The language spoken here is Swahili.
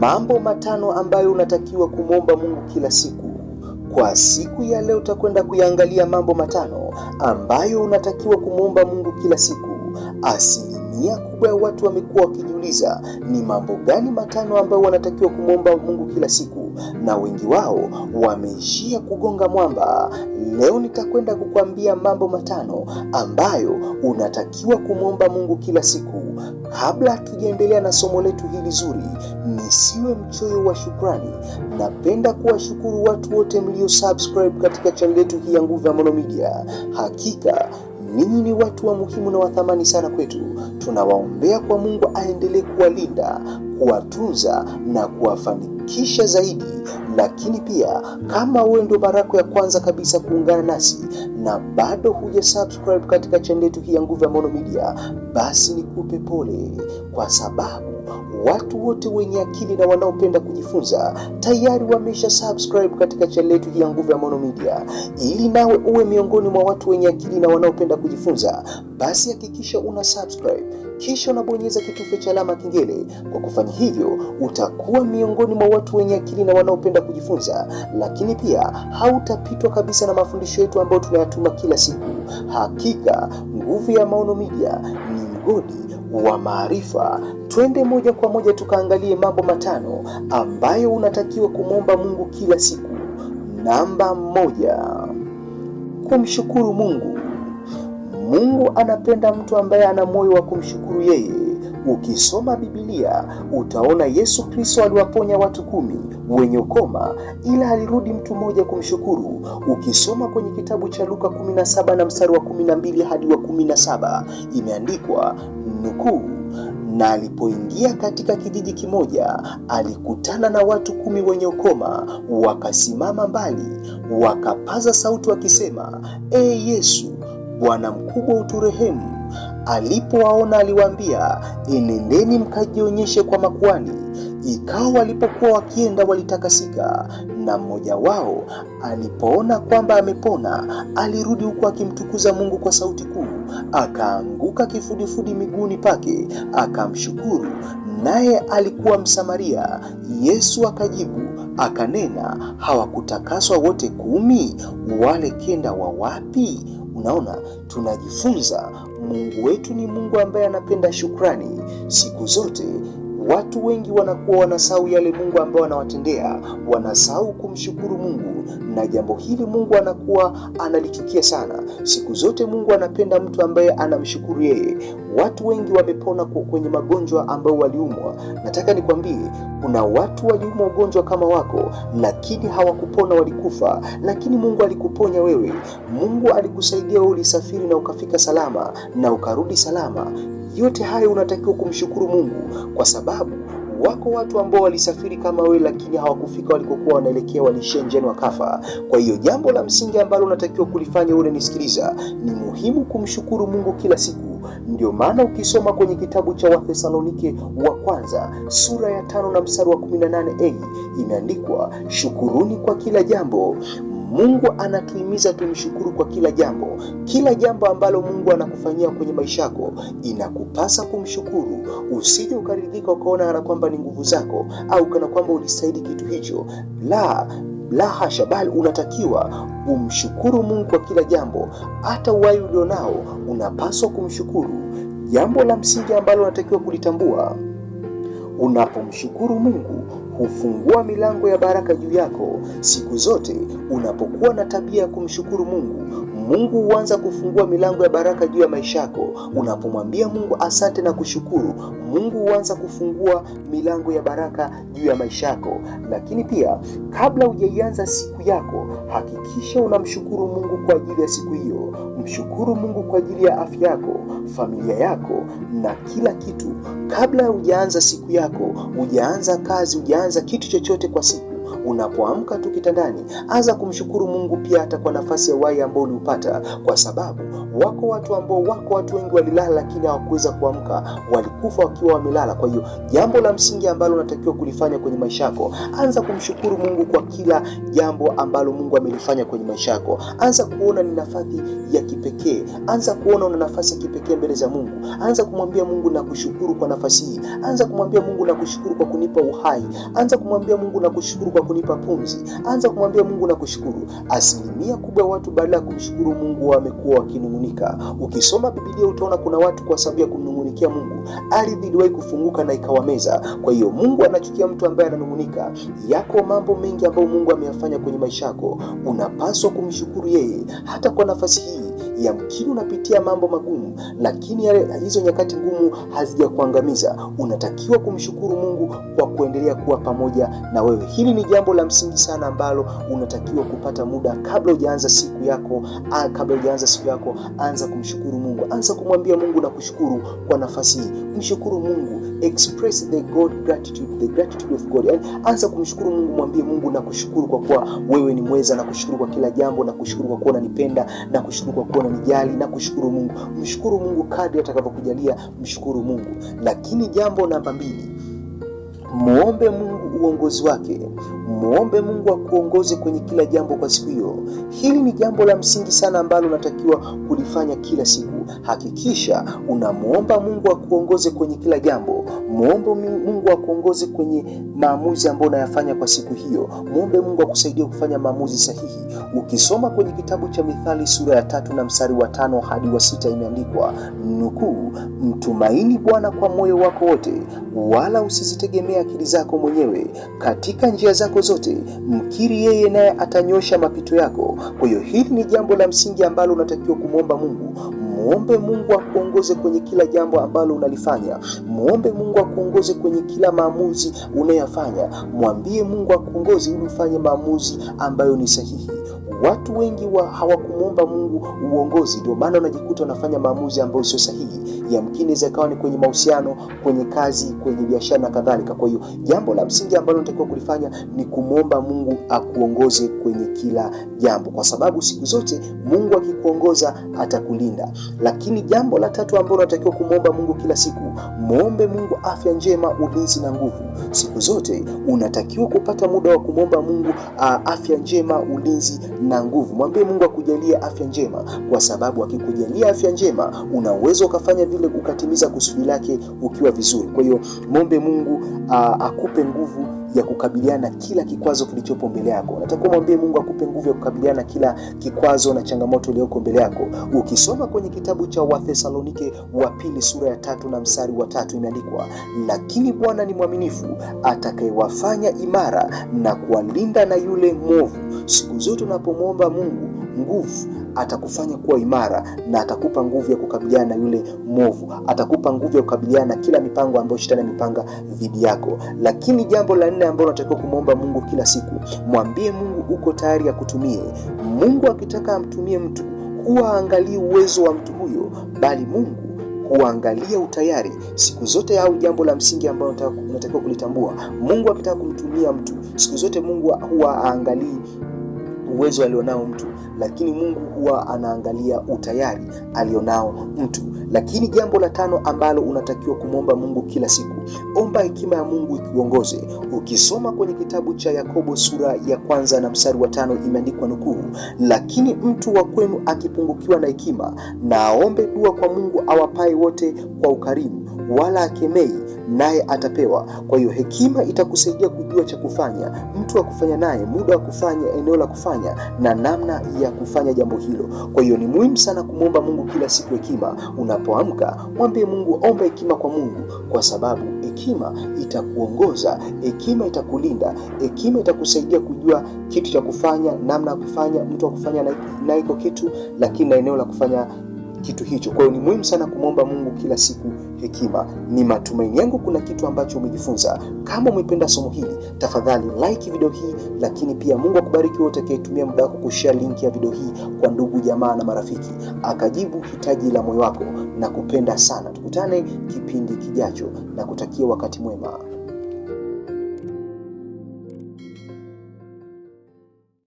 Mambo matano ambayo unatakiwa kumwomba Mungu kila siku. Kwa siku ya leo utakwenda kuyaangalia mambo matano ambayo unatakiwa kumwomba Mungu kila siku. Asilimia kubwa ya watu wamekuwa wakijiuliza ni mambo gani matano ambayo wanatakiwa kumwomba Mungu kila siku na wengi wao wameishia kugonga mwamba. Leo nitakwenda kukuambia mambo matano ambayo unatakiwa kumwomba Mungu kila siku. Kabla tujaendelea na somo letu hili zuri, nisiwe mchoyo wa shukrani. Napenda kuwashukuru watu wote mlio subscribe katika channel yetu hii ya Nguvu ya Maono Media. Hakika ninyi ni watu wa muhimu na wathamani sana kwetu. Tunawaombea kwa Mungu aendelee kuwalinda, kuwatunza na kuwafanikisha zaidi. Lakini pia kama wewe ndio mara yako ya kwanza kabisa kuungana nasi na bado huja subscribe katika chaneli yetu hii ya Nguvu ya Maono Media, basi nikupe pole kwa sababu Watu wote wenye akili na wanaopenda kujifunza tayari wamesha subscribe katika channel yetu hii ya Nguvu ya Maono Media. Ili nawe uwe miongoni mwa watu wenye akili na wanaopenda kujifunza, basi hakikisha una subscribe kisha unabonyeza kitufe cha alama kengele. Kwa kufanya hivyo, utakuwa miongoni mwa watu wenye akili na wanaopenda kujifunza, lakini pia hautapitwa kabisa na mafundisho yetu ambayo tunayatuma kila siku. Hakika Nguvu ya Maono Media ni mgodi wa maarifa, twende moja kwa moja tukaangalie mambo matano ambayo unatakiwa kumwomba Mungu kila siku. Namba moja, kumshukuru Mungu. Mungu anapenda mtu ambaye ana moyo wa kumshukuru yeye. Ukisoma Biblia utaona Yesu Kristo aliwaponya watu kumi wenye ukoma, ila alirudi mtu mmoja kumshukuru. Ukisoma kwenye kitabu cha Luka 17 na mstari wa 12 hadi wa 17, imeandikwa nukuu, na alipoingia katika kijiji kimoja alikutana na watu kumi wenye ukoma, wakasimama mbali, wakapaza sauti wakisema, e Yesu, Bwana mkubwa, uturehemu Alipowaona aliwaambia, enendeni mkajionyeshe kwa makuani Ikawa walipokuwa wakienda walitakasika, na mmoja wao alipoona kwamba amepona, alirudi huku akimtukuza Mungu kwa sauti kuu, akaanguka kifudifudi miguuni pake, akamshukuru, naye alikuwa Msamaria. Yesu akajibu akanena, hawakutakaswa wote kumi? Wale kenda wa wapi? Unaona, tunajifunza Mungu wetu ni Mungu ambaye anapenda shukrani siku zote Watu wengi wanakuwa wanasahau yale Mungu ambayo anawatendea, wanasahau kumshukuru Mungu, na jambo hili Mungu anakuwa analichukia sana. Siku zote Mungu anapenda mtu ambaye anamshukuru yeye. Watu wengi wamepona kwenye magonjwa ambayo waliumwa. Nataka nikwambie, kuna watu waliumwa ugonjwa kama wako, lakini hawakupona, walikufa, lakini Mungu alikuponya wewe. Mungu alikusaidia wewe, ulisafiri na ukafika salama na ukarudi salama. Yote hayo unatakiwa kumshukuru Mungu kwa sababu wako watu ambao walisafiri kama wewe, lakini hawakufika walikokuwa wanaelekea, walishia njiani wakafa. Kwa hiyo jambo la msingi ambalo unatakiwa kulifanya, ule nisikiliza, ni muhimu kumshukuru Mungu kila siku. Ndio maana ukisoma kwenye kitabu cha Wathesalonike wa kwanza sura ya tano na mstari wa 18a, inaandikwa shukuruni kwa kila jambo Mungu anatuhimiza tumshukuru kwa kila jambo. Kila jambo ambalo Mungu anakufanyia kwenye maisha yako inakupasa kumshukuru. Usije ukaridhika ukaona kana kwamba ni nguvu zako au kana kwamba ulistahili kitu hicho, la la hasha, bali unatakiwa umshukuru Mungu kwa kila jambo. Hata uhai ulionao unapaswa kumshukuru. Jambo la msingi ambalo unatakiwa kulitambua Unapomshukuru Mungu hufungua milango ya baraka juu yako siku zote. Unapokuwa na tabia ya kumshukuru Mungu Mungu huanza kufungua milango ya baraka juu ya maisha yako. Unapomwambia Mungu asante na kushukuru, Mungu huanza kufungua milango ya baraka juu ya maisha yako. Lakini pia kabla hujaianza siku yako, hakikisha unamshukuru Mungu kwa ajili ya siku hiyo. Mshukuru Mungu kwa ajili ya afya yako, familia yako na kila kitu. Kabla hujaanza siku yako, hujaanza kazi, hujaanza kitu chochote kwa siku Unapoamka tu kitandani, anza kumshukuru Mungu pia hata kwa nafasi ya uhai ambao uliupata, kwa sababu wako watu ambao wako watu wengi walilala, lakini hawakuweza kuamka, walikufa wakiwa wamelala. Kwa hiyo jambo la msingi ambalo unatakiwa kulifanya kwenye maisha yako, anza kumshukuru Mungu kwa kila jambo ambalo Mungu amelifanya kwenye maisha yako. Anza kuona ni nafasi ya kipekee, anza kuona una nafasi ya kipekee mbele za Mungu. Anza kumwambia Mungu na kushukuru kwa nafasi hii, anza kumwambia Mungu na kushukuru kwa kunipa uhai, anza kumwambia Mungu na kushukuru kwa kunipa pumzi. Anza kumwambia Mungu na kushukuru. Asilimia kubwa ya watu baada ya kumshukuru Mungu wamekuwa wakinung'unika. Ukisoma Biblia utaona kuna watu kwa sababu ya kumnung'unikia Mungu ardhi iliwahi kufunguka na ikawameza. Kwa hiyo Mungu anachukia mtu ambaye ananung'unika. Yako mambo mengi ambayo Mungu ameyafanya kwenye maisha yako, unapaswa kumshukuru yeye hata kwa nafasi hii. Yamkini unapitia mambo magumu, lakini hizo nyakati ngumu hazijakuangamiza. Unatakiwa kumshukuru Mungu kwa kuendelea kuwa pamoja na wewe. Hili ni jambo la msingi sana ambalo unatakiwa kupata muda kabla hujaanza siku yako, a, kabla hujaanza siku yako, anza kumshukuru Mungu, anza kumwambia Mungu na kushukuru kwa nafasi hii. Mshukuru Mungu, express the God gratitude, the gratitude of God. Yani, anza kumshukuru Mungu, mwambie Mungu na kushukuru kwa kuwa wewe ni mweza, na kushukuru kwa kila jambo, na kushukuru kwa kuwa unanipenda, na kushukuru kwa kuwa kunijali na kushukuru Mungu. Mshukuru Mungu kadri atakavyokujalia, mshukuru Mungu. Lakini jambo namba mbili Mwombe Mungu uongozi wake, mwombe Mungu akuongoze kwenye kila jambo kwa siku hiyo. Hili ni jambo la msingi sana ambalo unatakiwa kulifanya kila siku. Hakikisha unamuomba Mungu akuongoze kwenye kila jambo. Mwombe Mungu akuongoze kwenye maamuzi ambayo unayafanya kwa siku hiyo. Mwombe Mungu akusaidie kufanya maamuzi sahihi. Ukisoma kwenye kitabu cha Mithali sura ya tatu na mstari wa tano hadi wa sita imeandikwa nukuu, mtumaini Bwana kwa moyo wako wote, wala usizitegemea akili zako mwenyewe katika njia zako zote, mkiri yeye, naye atanyosha mapito yako. Kwa hiyo hili ni jambo la msingi ambalo unatakiwa kumwomba Mungu. Mwombe Mungu akuongoze kwenye kila jambo ambalo unalifanya. Mwombe Mungu akuongoze kwenye kila maamuzi unayoyafanya. Mwambie Mungu akuongoze ili ufanye maamuzi ambayo ni sahihi. Watu wengi wa hawakumwomba Mungu uongozi, ndio maana unajikuta unafanya maamuzi ambayo sio sahihi. Yamkini zikawa ni kwenye mahusiano, kwenye kazi, kwenye biashara na kadhalika. Kwa hiyo jambo la msingi ambalo unatakiwa kulifanya ni kumwomba Mungu akuongoze kwenye kila jambo, kwa sababu siku zote Mungu akikuongoza atakulinda. Lakini jambo la tatu ambalo unatakiwa kumwomba Mungu kila siku, mwombe Mungu afya njema, ulinzi na nguvu. Siku zote unatakiwa kupata muda wa kumwomba Mungu afya njema, ulinzi na nguvu. Mwambie Mungu akujalie afya njema, kwa sababu akikujalia afya njema una uwezo ukafanya vile ukatimiza kusudi lake ukiwa vizuri. Kwa hiyo mwombe Mungu a, akupe nguvu ya kukabiliana kila kikwazo kilichopo mbele yako. Nataka mwambie Mungu akupe nguvu ya kukabiliana kila kikwazo na changamoto iliyoko mbele yako. Ukisoma kwenye kitabu cha Wathesalonike wa pili sura ya tatu na mstari wa tatu imeandikwa, lakini Bwana ni mwaminifu atakayewafanya imara na kuwalinda na yule mwovu Siku zote unapomwomba Mungu nguvu, atakufanya kuwa imara na atakupa nguvu ya kukabiliana na yule mwovu, atakupa nguvu ya kukabiliana na kila mipango ambayo shetani amepanga dhidi yako. Lakini jambo la nne ambalo unatakiwa kumwomba Mungu kila siku, mwambie Mungu uko tayari akutumie. Mungu akitaka amtumie mtu huwa aangalii uwezo wa mtu huyo, bali Mungu huangalia utayari siku zote, au jambo la msingi ambalo unatakiwa kulitambua. Mungu akitaka kumtumia mtu siku zote, Mungu huwa aangalii uwezo alionao mtu lakini Mungu huwa anaangalia utayari alionao mtu. Lakini jambo la tano ambalo unatakiwa kumwomba Mungu kila siku, omba hekima ya Mungu ikuongoze. Ukisoma kwenye kitabu cha Yakobo sura ya kwanza na mstari wa tano imeandikwa nukuu, lakini mtu wa kwenu akipungukiwa na hekima, na aombe dua kwa Mungu awapae wote kwa ukarimu, wala akemei naye atapewa. Kwa hiyo hekima itakusaidia kujua cha kufanya, mtu wa kufanya naye, muda wa kufanya, eneo la kufanya na namna ya ya kufanya jambo hilo. Kwa hiyo ni muhimu sana kumwomba Mungu kila siku hekima. Unapoamka mwambie Mungu, omba hekima kwa Mungu, kwa sababu hekima itakuongoza, hekima itakulinda, hekima itakusaidia kujua kitu cha kufanya, namna ya kufanya, mtu wa kufanya na iko kitu, lakini na eneo la kufanya kitu hicho. Kwa hiyo ni muhimu sana kumwomba Mungu kila siku hekima. Ni matumaini yangu kuna kitu ambacho umejifunza. Kama umependa somo hili, tafadhali like video hii, lakini pia Mungu akubariki wewe utakayetumia muda wako kushare linki ya video hii kwa ndugu, jamaa na marafiki, akajibu hitaji la moyo wako. Na kupenda sana, tukutane kipindi kijacho na kutakia wakati mwema.